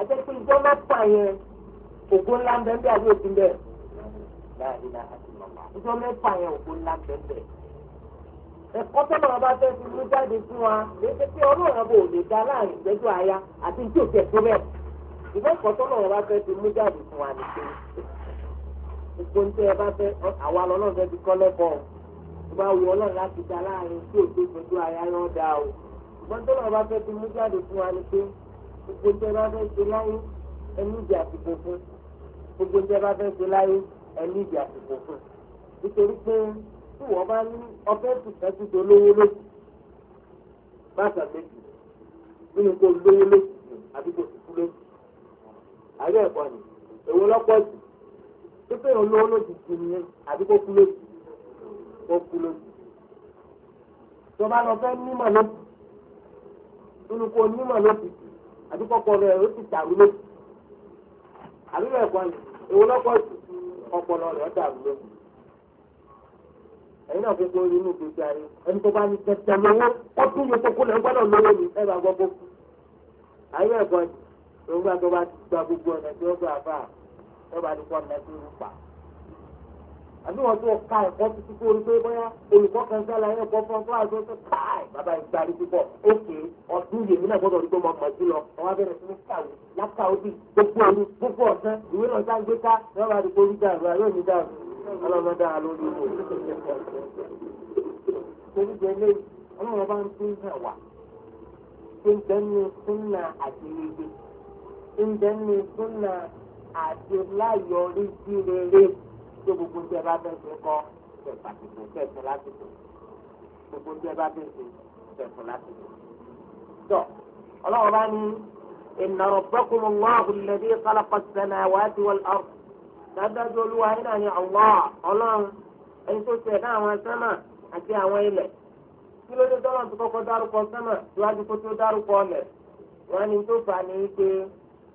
ajẹ́ pé ìjọ mẹ́fà yẹn ògbó ńlá ń bẹ́ẹ̀ bí àbí òbí bẹ́ẹ̀ ìjọ mẹ́fà yẹn ògbó ńlá ń bẹ́ẹ̀ bẹ́ẹ̀ ẹ̀kọ́ tọ́lọ́ ọba fẹ́ fi mú jáde fún wa léṣe pé ọlọ́run bò lè da láàrin ìgbẹ́jọ́ aya àti tí òkè tó bẹ́ẹ̀ ìbọn ẹ̀kọ́ tọ́lọ́ ọba fẹ́ fi mú jáde fún wa nìkan gbogbo ní tẹ́ ẹ bá fẹ́ àwa lọ́lọ́run fẹ́ fi kọ́ lẹ́kọ̀ọ́ tó bá wù ọlọ́run láti da láàrin tí òkè fojú aya yọ da o ṣùgbọ́n tó lọ́ọ́ bá fẹ́ fi mú jáde fún wa ni pé gbogbo tẹ bá fẹ́ ṣe láyé ẹni ìdí àsìkò fún gbogbo tẹ bá fẹ́ ṣe láyé ẹni ìdí àsìkò fún nítorí pé tí wọ́n bá ní ọfẹ́ tìfẹ́tì tó lówó lóṣù bàtà méjì nínú kó lówó lóṣù àbí kò sì kú lóṣù àyẹ̀ ẹ̀kọ́ ni èwo lọ́pọ̀ jù pípé òun lówó lóṣù kù nìyẹn àbí kó kú lóṣù. tó bá lọ fẹ́ nímọ̀ náà nínú kó nímọ̀ náà ti àbí kọ́kọ́ rẹ̀ ó ti dàrú lé àbí rẹ̀ kọ́ ewu lọ́kọ́ ọpọlọ rẹ̀ ó dàrú lé ẹ̀yin náà fẹ́ kó inú gbèsè ayé ẹni tó bá ní tẹ̀tẹ̀ lọ́wọ́ ó tún yẹ kókó lẹ́ gbọ́dọ̀ lọ́wọ́ mi ẹ bá gbọ́ bó àbí rẹ̀ kọ́ ìgbà tó bá ti gba gbogbo ọ̀nà tí ó gbà fà ẹ bá ti kọ́ ọ̀nà tí ń pa. àbí wọn tó ka ẹ̀kọ́ títí tó rí pé bóyá olùkọ́ kan fún ọkọ àti ọkọ káì bàbá ìgbà rí púpọ̀ òkè ọdún yèmí náà gbọ́dọ̀ rí pé wọn mọ̀ lọ sí ní gbogbo ọdún gbogbo ìwé náà sá ń gbé ká bá dàrú ayé tó gbogbo tí ẹ bá fẹ́ ṣe kọ́ tẹ̀ pàtìkù tẹ̀ fún lásìkò gbogbo tí ẹ bá fẹ́ ṣe tẹ̀ fún lásìkò. tó ọlọ́run bá ní inna rabbakum Allahu alladhi khalaqa as-samawati wal-ard dájú olúwa nígbà ní Allah ọlọ́run ẹni tó ṣe ẹ̀dá àwọn sẹ́mà àti àwọn ilẹ̀ kí ló dé tọ́lọ̀ tó kọ́kọ́ dárúkọ sẹ́mà síwájú kó tó dárúkọ ọlẹ̀ wọ́n ní tó fà ní pé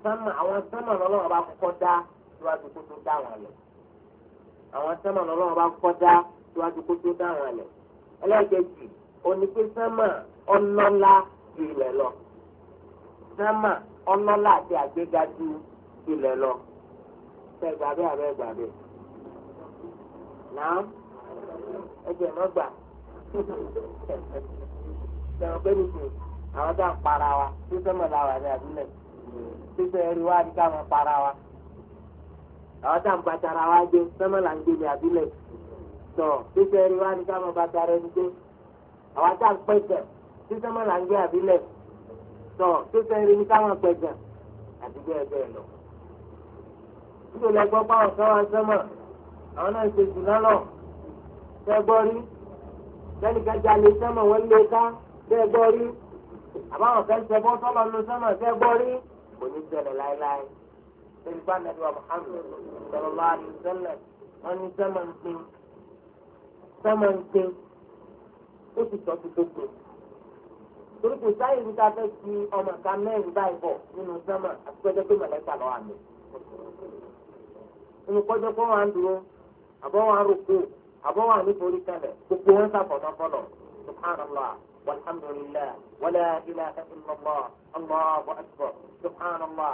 sẹ́mà àwọn sẹ́mà lọ́lọ́run bá kọ́kọ́ dá síwájú kó tó dá wọn lẹ̀ àwọn sẹ́mà lọ́wọ́ bá kọ́ dá síwájú kó tó dá àwọn àlẹ́ ẹlẹ́gẹ̀ẹ́jì òní pé sẹ́mà ọlọ́lá ju ilẹ̀ lọ sẹ́mà ọlọ́lá àti àgbéga ju ilẹ̀ lọ tẹ gbàgbé àbẹ gbàgbé náà ẹgbẹ́ náà gbà sẹ́wọ̀n pé nìkan àwọn tá à ń para wa tí sẹ́mà làwà ní àdúlẹ̀ tí sẹ́yìn rí wá ní ká máa para wa àwọn tá à ń bàtàrà wa jẹ sẹ́mọ́ là ń gbé ní àbílẹ̀ tọ̀ pípẹ́ rí wa ní ká mọ bàtàrà ẹni gbé àwọn tá à ń pẹ̀sẹ̀ sí sẹ́mọ́ là ń gbé àbílẹ̀ tọ̀ pípẹ́ rí ní ká mọ pẹ̀sẹ̀ àti bẹ́ẹ̀ bẹ́ẹ̀ lọ. nítorí lẹ́gbọ́n pàwọn kan wá sẹ́mọ̀ àwọn náà ṣe jù lọ́lọ́ tẹ́gbọ́ rí lẹ́nìkan jalè sẹ́mọ̀ wọ́n lé ká tẹ́gbọ́ rí àbáwọn kan ṣẹbọ́ sọ́lọ́ tẹ̀síkpá nàbí wa Muhammad sallallahu alaihi wasallam wọn ní sẹ́mọ̀ǹtì sẹ́mọ̀ǹtì ó ti tọ́ ti gbogbo torí kò sáyé níta fẹ́ fi ọmọ ká mẹ́rin báyìí bọ̀ nínú sẹ́mọ̀ àti pẹ́jọ́ pé mọ̀lẹ́ta lọ́wọ́ àmì nínú pẹ́jọ́ pé wọ́n á dúró àbọ̀ wọn á rògbò àbọ̀ wọn á nítorí tẹ́lẹ̀ gbogbo wọn sàkọ̀ náà fọlọ̀ subhanallah. والحمد لله ولا إله إلا الله الله أكبر سبحان الله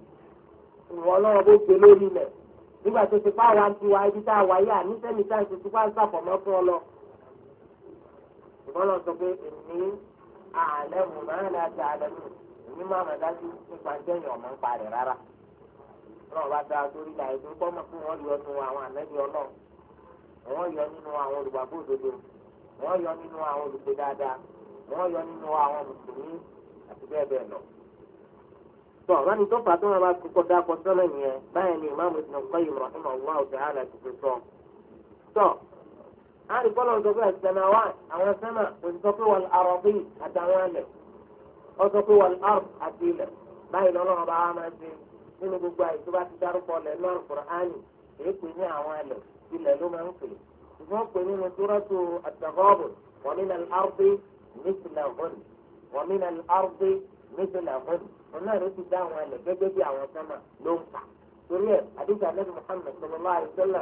ìwọ náà bó gbé lórí ilẹ̀ nígbà tó ti pààrọ̀ àti wa ibi a wà yá sẹ́mi tá a ti tupá sàpọ̀mọ́ fún ọ lọ. ìbọn lọ sọ pé èmi àlẹ́ mò máa ń láti àlẹ́ mi èmi máa mà dájú nípa jẹ́yìn ọ̀mọ́ ń parẹ̀ rárá. náà bá dáa sórí ìlà ètò pọ́nmọ́ fún wọn yọ nínú àwọn àmẹ́bí ọlọ́run wọ́n yọ nínú àwọn olùgbàgbọ́ òdodo yọ nínú àwọn lọ. tọ́ wọn ni tó fà tó wọn bá kókó dákọ sọ́nà yẹn báyẹn ni ìmáàmù Ibn Qayyim rahimahullahu ta'ala ti fi sọ. tọ́ àrí kọ́lọ̀ ń sọ pé àtẹnà wa àwọn sẹ́nà kò sọ pé wal ardi àtàwọn ẹlẹ̀ ó sọ pé wal ard àti ilẹ̀ báyìí lọ́nà ọba wa máa ṣe nínú gbogbo àyè tó bá ti dárúkọ lẹ̀ lọ́rùn Kùránì èyí ní àwọn ẹlẹ̀ ilẹ̀ ló máa ń pè مثل الأرض وما رسل دعوة لجدد أو سما لنفع سوريا حديث النبي محمد صلى الله عليه وسلم